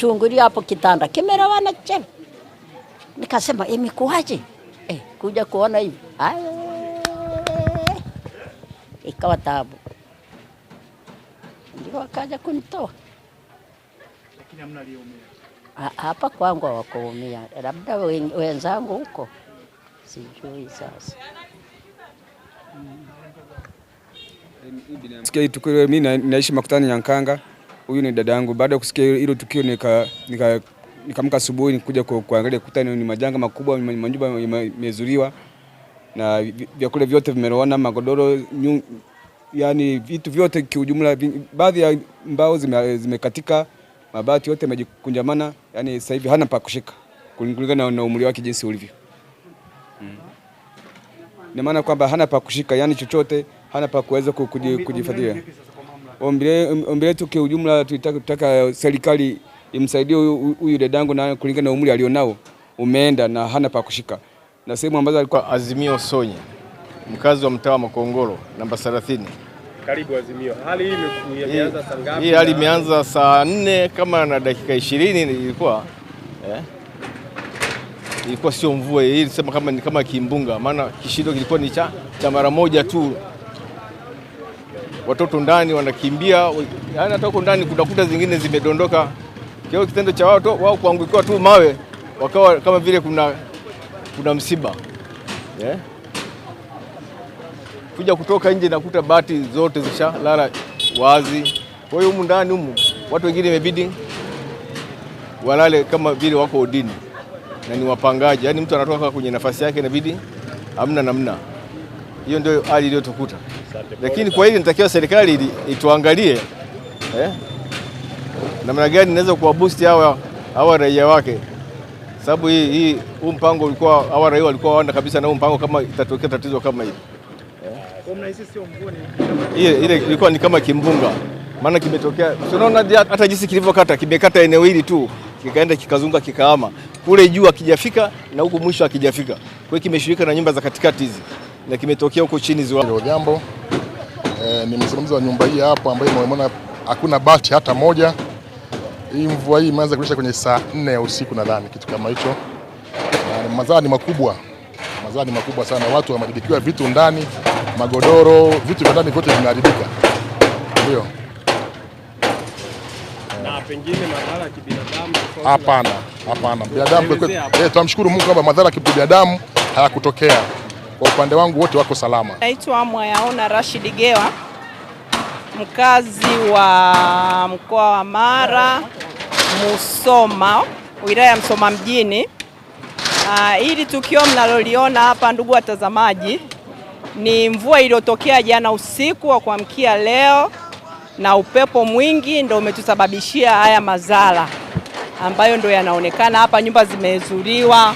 chungulia hapo kitanda wana chele. Nikasema imekuaje Eh, kuja kuona hivi ikawa taabu, ndio akaja kunitoa. Lakini hamna aliyeumia hapa kwangu, hawakuumia, labda wenzangu huko, sijui sasa. Sikia tukio mimi naishi Makutano Nyankanga huyu ni dada yangu. Baada ya kusikia hilo tukio nika nika nikamka asubuhi nikuja kuangalia kuta ni majanga makubwa, manyumba yamezuriwa na vyakula vyote vimeroana, magodoro nyu, yani vitu vyote kiujumla, baadhi ya mbao zimekatika, zime mabati yote yamejikunjamana, yani sasa hivi hana pa kushika kulingana na umri wake jinsi ulivyo. Mm. Ni maana kwamba hana pa kushika, yani chochote hana pa kuweza kujifadhilia ombi letu kiujumla, tutaka eh, serikali imsaidie huyu dadangu na kulingana na umri alionao umeenda na hana pa kushika, na sehemu ambazo alikuwa. Azimio Sonye, mkazi wa mtaa wa Makongoro namba 30. Karibu Azimio. Hali hii imeanza saa ngapi? Hii hali imeanza saa nne kama na dakika 20 ilikuwa eh? Ilikuwa sio mvua hii, sema kama kama kimbunga, maana kishindo kilikuwa ni cha mara moja tu watoto ndani wanakimbia, yaani hata huko ndani kunakuta zingine zimedondoka. Kio kitendo cha wao wao kuangukiwa tu mawe wakawa kama vile kuna, kuna msiba yeah. Kuja kutoka nje nakuta bati zote zishalala wazi. Kwa hiyo humu ndani humu watu wengine imebidi walale kama vile wako odini na ni wapangaji, yaani mtu anatoka kwenye nafasi yake inabidi amna namna hiyo ndio hali iliyotukuta, lakini kwa hili natakiwa serikali ituangalie eh, namna gani inaweza boost hawa hawa raia wake, sababu hii hii huu mpango ulikuwa hawa raia walikuwa hawana kabisa na huu mpango, kama itatokea tatizo kama hili eh? ile ile ilikuwa ni kama kimbunga, maana kimetokea. Tunaona hata jinsi kilivyokata, kimekata eneo hili tu kikaenda kikazunga, kikaama kule juu, akijafika na huku mwisho akijafika, kwa hiyo kimeshirika na nyumba za katikati hizi na kimetokea huko chini ziwa Jambo. E, ni msimamizi wa nyumba hii hapo ambaye mmeona hakuna bati hata moja. Hii mvua hii imeanza kunyesha kwenye saa nne ya usiku nadhani kitu kama hicho. Mazaa ni makubwa, mazaa ni makubwa sana. Watu wameharibikiwa vitu ndani, magodoro, vitu vya ndani vyote vimeharibika, ndio hapana, hapana. Binadamu eh, tunamshukuru Mungu kwamba madhara ya kibinadamu hayakutokea. Kwa upande wangu wote wako salama. Naitwa Mwayaona Rashid Gewa, mkazi wa mkoa wa Mara, Musoma, wilaya ya Musoma mjini. Ah, hili tukio mnaloliona hapa, ndugu watazamaji, ni mvua iliyotokea jana usiku wa kuamkia leo na upepo mwingi ndio umetusababishia haya madhara ambayo ndio yanaonekana hapa, nyumba zimezuliwa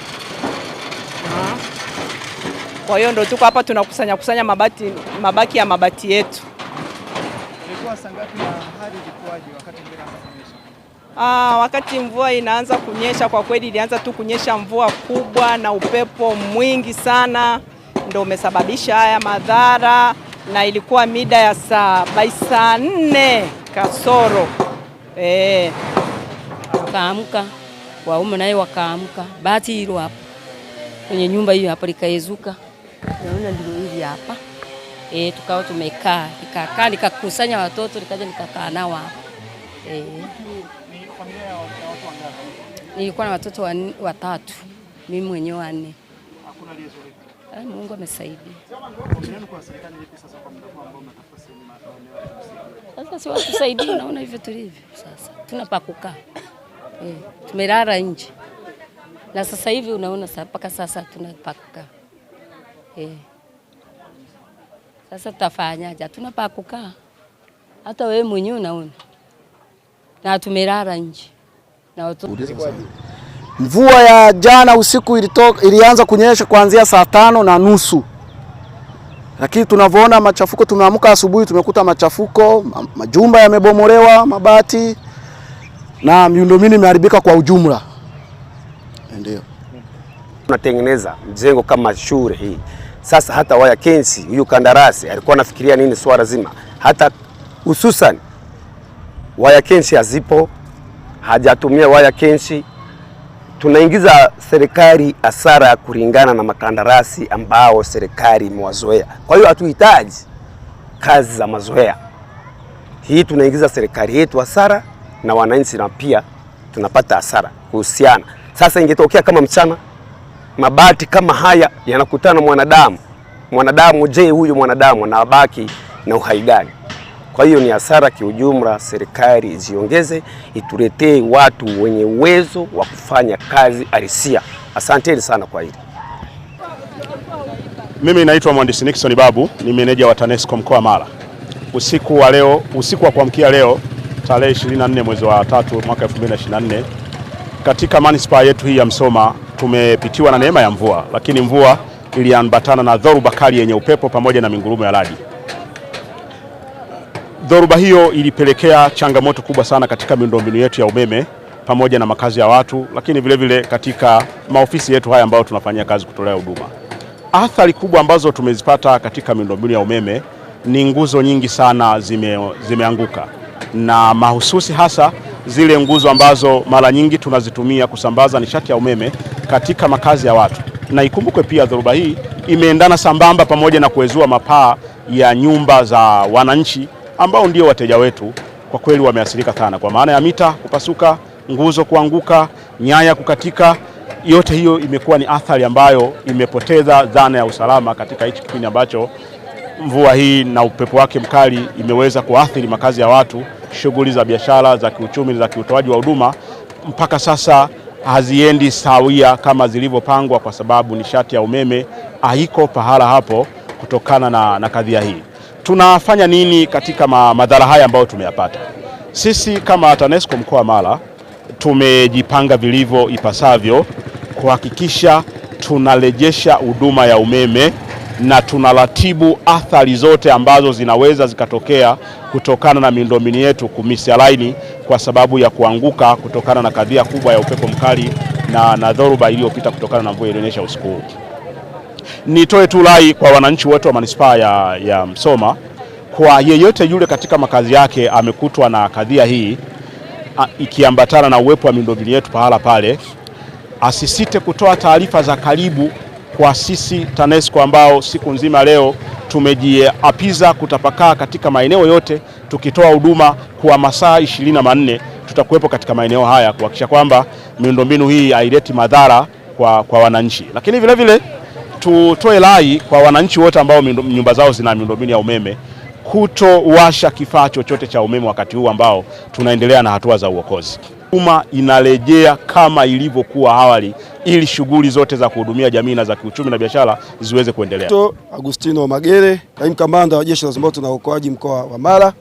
kwa hiyo ndo tuko hapa tunakusanya kusanya mabati, mabaki ya mabati yetu. Aa, ah, wakati mvua inaanza kunyesha, kwa kweli ilianza tu kunyesha mvua kubwa na upepo mwingi sana, ndo umesababisha haya madhara, na ilikuwa mida ya saa bai saa nne kasoro eh. Wakaamka waume naye wakaamka, bahati hilo hapo kwenye nyumba hiyo hapo likaezuka naona ndio hivi hapa Eh, tukao tumekaa nikakaa nikakusanya watoto nikaja nikakaa nao hapa Eh. Nilikuwa na watoto watatu mimi mwenyewe wanne. Ah, Mungu amesaidia. Sasa si saidi, naona hivyo tulivyo sasa, tuna pa kukaa Eh, tumelala nje na sasa hivi unaona mpaka sasa tuna pa Eh. Sasa tutafanyaje? Tuna pa kukaa, hata wewe mwenyewe unaona, na tumelala nje na watu... Mvua ya jana usiku ilitoka, ilianza kunyesha kuanzia saa tano na nusu lakini tunavyoona machafuko, tumeamka asubuhi tumekuta machafuko, majumba yamebomolewa, mabati na miundombinu imeharibika kwa ujumla, ndio. Tunatengeneza mjengo kama shule hii. Sasa hata kensi huyu kandarasi alikuwa anafikiria nini swala zima, hata hususan waya kensi hazipo, hajatumia waya kensi. Tunaingiza serikali hasara kulingana na makandarasi ambao serikali imewazoea. Kwa hiyo hatuhitaji kazi za mazoea, hii tunaingiza serikali yetu hasara na wananchi, na pia tunapata hasara kuhusiana. Sasa ingetokea kama mchana mabati kama haya yanakutana mwanadamu, mwanadamu, je, huyu mwanadamu anabaki na uhai gani? Kwa hiyo ni hasara kiujumla. Serikali ziongeze ituletee watu wenye uwezo wa kufanya kazi arisia Asanteni sana kwa hili. Mimi naitwa mhandisi Nixon Babu, ni meneja wa TANESCO mkoa Mara. Usiku wa leo, usiku wa kuamkia leo tarehe 24 mwezi wa 3 mwaka 2024 katika manispaa yetu hii ya Msoma tumepitiwa na neema ya mvua, lakini mvua iliambatana na dhoruba kali yenye upepo pamoja na mingurumo ya radi. Dhoruba hiyo ilipelekea changamoto kubwa sana katika miundombinu yetu ya umeme pamoja na makazi ya watu, lakini vilevile vile katika maofisi yetu haya ambayo tunafanyia kazi kutolea huduma. Athari kubwa ambazo tumezipata katika miundombinu ya umeme ni nguzo nyingi sana zime, zimeanguka na mahususi hasa zile nguzo ambazo mara nyingi tunazitumia kusambaza nishati ya umeme katika makazi ya watu, na ikumbukwe pia dhoruba hii imeendana sambamba pamoja na kuezua mapaa ya nyumba za wananchi ambao ndio wateja wetu. Kwa kweli wameathirika sana, kwa maana ya mita kupasuka, nguzo kuanguka, nyaya kukatika. Yote hiyo imekuwa ni athari ambayo imepoteza dhana ya usalama katika hichi kipindi ambacho mvua hii na upepo wake mkali imeweza kuathiri makazi ya watu shughuli za biashara za kiuchumi za kiutoaji wa huduma mpaka sasa haziendi sawia kama zilivyopangwa, kwa sababu nishati ya umeme haiko pahala hapo. Kutokana na, na kadhia hii, tunafanya nini katika ma, madhara haya ambayo tumeyapata? Sisi kama TANESCO mkoa wa Mara tumejipanga vilivyo ipasavyo kuhakikisha tunarejesha huduma ya umeme na tunaratibu athari zote ambazo zinaweza zikatokea kutokana na miundombinu yetu kumisialaini kwa sababu ya kuanguka kutokana na kadhia kubwa ya upepo mkali na, na dhoruba iliyopita kutokana na mvua iliyonyesha usiku huu. Nitoe tu rai kwa wananchi wote wa manispaa ya, ya Msoma, kwa yeyote yule katika makazi yake amekutwa na kadhia hii ikiambatana na uwepo wa miundombinu yetu pahala pale, asisite kutoa taarifa za karibu kwa sisi TANESCO ambao siku nzima leo tumejiapiza kutapakaa katika maeneo yote tukitoa huduma kwa masaa ishirini na manne. Tutakuwepo katika maeneo haya kuhakikisha kwamba miundombinu hii haileti madhara kwa, kwa wananchi, lakini vilevile tutoe rai kwa wananchi wote ambao nyumba zao zina miundombinu ya umeme kutowasha kifaa chochote cha umeme wakati huu ambao tunaendelea na hatua za uokozi. Sukuma inarejea kama ilivyokuwa awali ili shughuli zote za kuhudumia jamii na za kiuchumi na biashara ziweze kuendelea. Agustino Magere, kaimu kamanda wa jeshi la zimamoto na uokoaji mkoa wa Mara,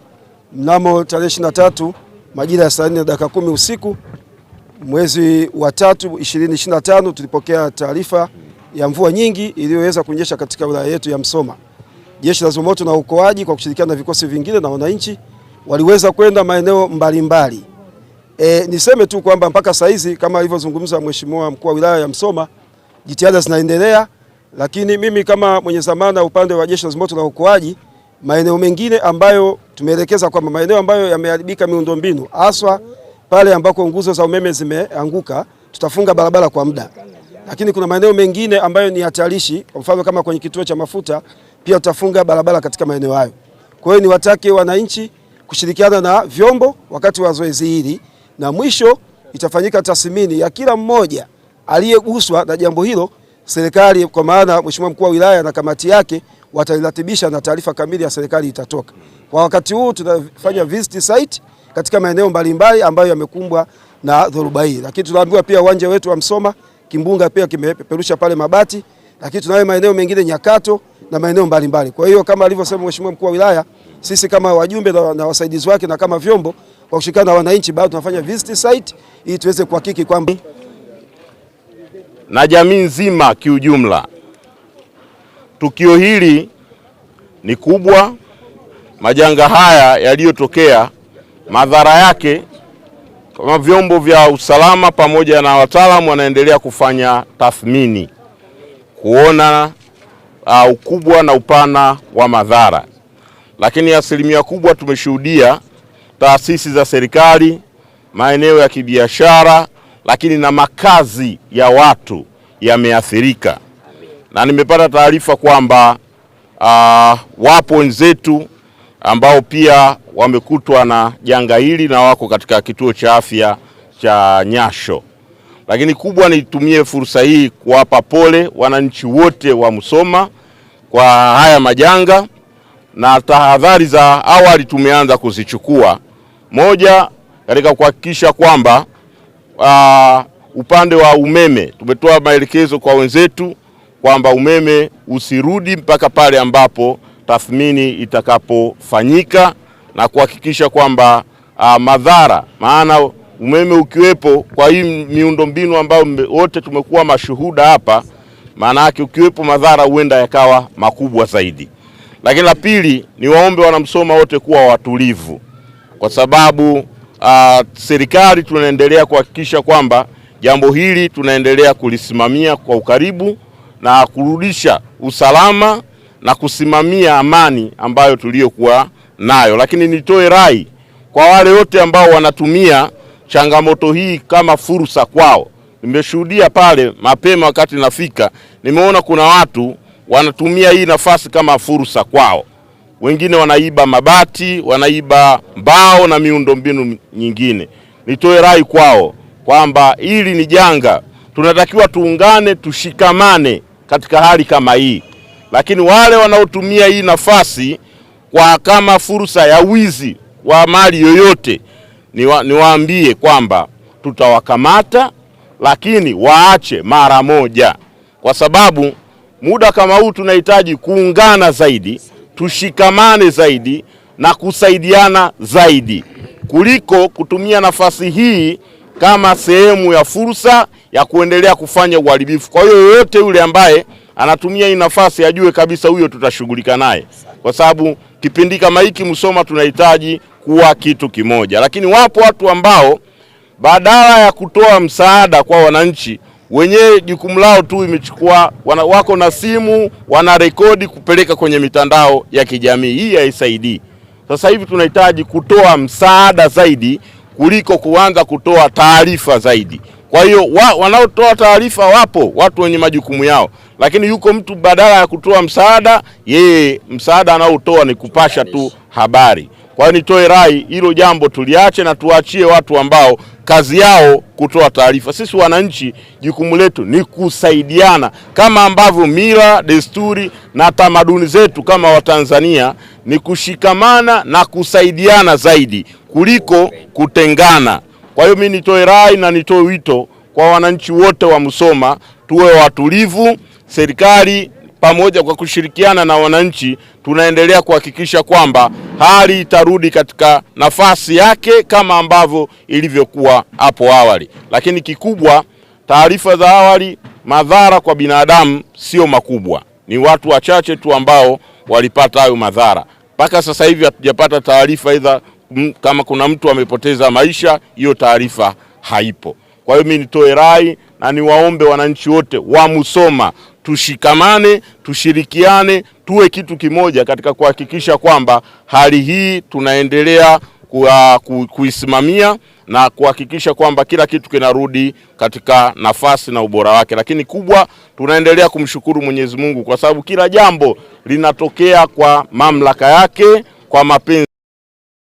mnamo tarehe 23 majira ya saa 4 na dakika kumi usiku mwezi wa tatu 2025 tulipokea taarifa ya mvua nyingi iliyoweza kunyesha katika wilaya yetu ya Msoma. Jeshi la zimamoto na uokoaji kwa kushirikiana na vikosi vingine na wananchi waliweza kwenda maeneo mbalimbali mbali. E, niseme tu kwamba mpaka saa hizi kama alivyozungumza Mheshimiwa mkuu wa wilaya ya Msoma, jitihada zinaendelea, lakini mimi kama mwenye zamana upande wa jeshi la zimamoto na uokoaji, maeneo mengine ambayo tumeelekeza kwamba maeneo ambayo yameharibika miundombinu haswa pale ambako nguzo za umeme zimeanguka, tutafunga barabara kwa muda, lakini kuna maeneo mengine ambayo ni hatarishi, kwa mfano kama kwenye kituo cha mafuta, pia tutafunga barabara katika maeneo hayo. Kwa hiyo niwatake wananchi kushirikiana na vyombo wakati wa zoezi hili na mwisho itafanyika tathmini ya kila mmoja aliyeguswa na jambo hilo. Serikali kwa maana mheshimiwa mkuu wa wilaya na kamati yake watairatibisha na taarifa kamili ya serikali itatoka. Kwa wakati huu tunafanya visit site katika maeneo mbalimbali ambayo yamekumbwa na dhoruba hii, lakini tunaambiwa pia uwanja wetu wa Msoma kimbunga pia kimepeperusha pale mabati, lakini tunayo maeneo mengine Nyakato na maeneo mbalimbali. Kwa hiyo kama alivyosema mheshimiwa mkuu wa wilaya, sisi kama wajumbe na wasaidizi wake na kama vyombo kwa kushirikiana na wananchi, bado tunafanya visit site ili tuweze kuhakiki kwamba na jamii nzima kiujumla. Tukio hili ni kubwa. Majanga haya yaliyotokea, madhara yake kama vyombo vya usalama pamoja na wataalamu wanaendelea kufanya tathmini kuona uh, ukubwa na upana wa madhara, lakini asilimia kubwa tumeshuhudia taasisi za serikali, maeneo ya kibiashara, lakini na makazi ya watu yameathirika, na nimepata taarifa kwamba uh, wapo wenzetu ambao pia wamekutwa na janga hili na wako katika kituo cha afya cha Nyasho. Lakini kubwa, nitumie fursa hii kuwapa pole wananchi wote wa Musoma kwa haya majanga, na tahadhari za awali tumeanza kuzichukua moja, katika kuhakikisha kwamba uh, upande wa umeme tumetoa maelekezo kwa wenzetu kwamba umeme usirudi mpaka pale ambapo tathmini itakapofanyika na kuhakikisha kwamba uh, madhara, maana umeme ukiwepo kwa hii miundombinu ambayo wote tumekuwa mashuhuda hapa, maana yake ukiwepo madhara huenda yakawa makubwa zaidi. Lakini la pili, niwaombe wanamsoma wote kuwa watulivu kwa sababu uh, serikali tunaendelea kuhakikisha kwamba jambo hili tunaendelea kulisimamia kwa ukaribu na kurudisha usalama na kusimamia amani ambayo tuliyokuwa nayo. Lakini nitoe rai kwa wale wote ambao wanatumia changamoto hii kama fursa kwao. Nimeshuhudia pale mapema, wakati nafika, nimeona kuna watu wanatumia hii nafasi kama fursa kwao wengine wanaiba mabati, wanaiba mbao na miundombinu nyingine. Nitoe rai kwao kwamba hili ni janga, tunatakiwa tuungane, tushikamane katika hali kama hii, lakini wale wanaotumia hii nafasi kwa kama fursa ya wizi wa mali yoyote, wa, niwaambie kwamba tutawakamata, lakini waache mara moja, kwa sababu muda kama huu tunahitaji kuungana zaidi tushikamane zaidi na kusaidiana zaidi kuliko kutumia nafasi hii kama sehemu ya fursa ya kuendelea kufanya uharibifu. Kwa hiyo yoyote yule ambaye anatumia hii nafasi ajue kabisa huyo tutashughulika naye, kwa sababu kipindi kama hiki Musoma tunahitaji kuwa kitu kimoja, lakini wapo watu ambao badala ya kutoa msaada kwa wananchi wenyewe jukumu lao tu imechukua wana, wako na simu wana rekodi kupeleka kwenye mitandao ya kijamii. Hii haisaidii. Sasa hivi tunahitaji kutoa msaada zaidi kuliko kuanza kutoa taarifa zaidi. Kwa hiyo wa, wanaotoa taarifa wapo watu wenye majukumu yao, lakini yuko mtu badala ya kutoa msaada, yeye msaada anaotoa ni kupasha tu habari. Kwa hiyo nitoe rai, hilo jambo tuliache na tuachie watu ambao kazi yao kutoa taarifa. Sisi wananchi, jukumu letu ni kusaidiana, kama ambavyo mila, desturi na tamaduni zetu kama Watanzania ni kushikamana na kusaidiana zaidi kuliko kutengana. Kwa hiyo mimi nitoe rai na nitoe wito kwa wananchi wote wa Musoma, tuwe watulivu, serikali pamoja kwa kushirikiana na wananchi, tunaendelea kuhakikisha kwamba hali itarudi katika nafasi yake kama ambavyo ilivyokuwa hapo awali. Lakini kikubwa, taarifa za awali, madhara kwa binadamu sio makubwa, ni watu wachache tu ambao walipata hayo madhara. Mpaka sasa hivi hatujapata taarifa aidha kama kuna mtu amepoteza maisha, hiyo taarifa haipo. Kwa hiyo mimi nitoe rai na niwaombe wananchi wote wa Musoma tushikamane, tushirikiane, tuwe kitu kimoja katika kuhakikisha kwamba hali hii tunaendelea kuisimamia na kuhakikisha kwamba kila kitu kinarudi katika nafasi na ubora wake. Lakini kubwa, tunaendelea kumshukuru Mwenyezi Mungu kwa sababu kila jambo linatokea kwa mamlaka yake, kwa mapenzi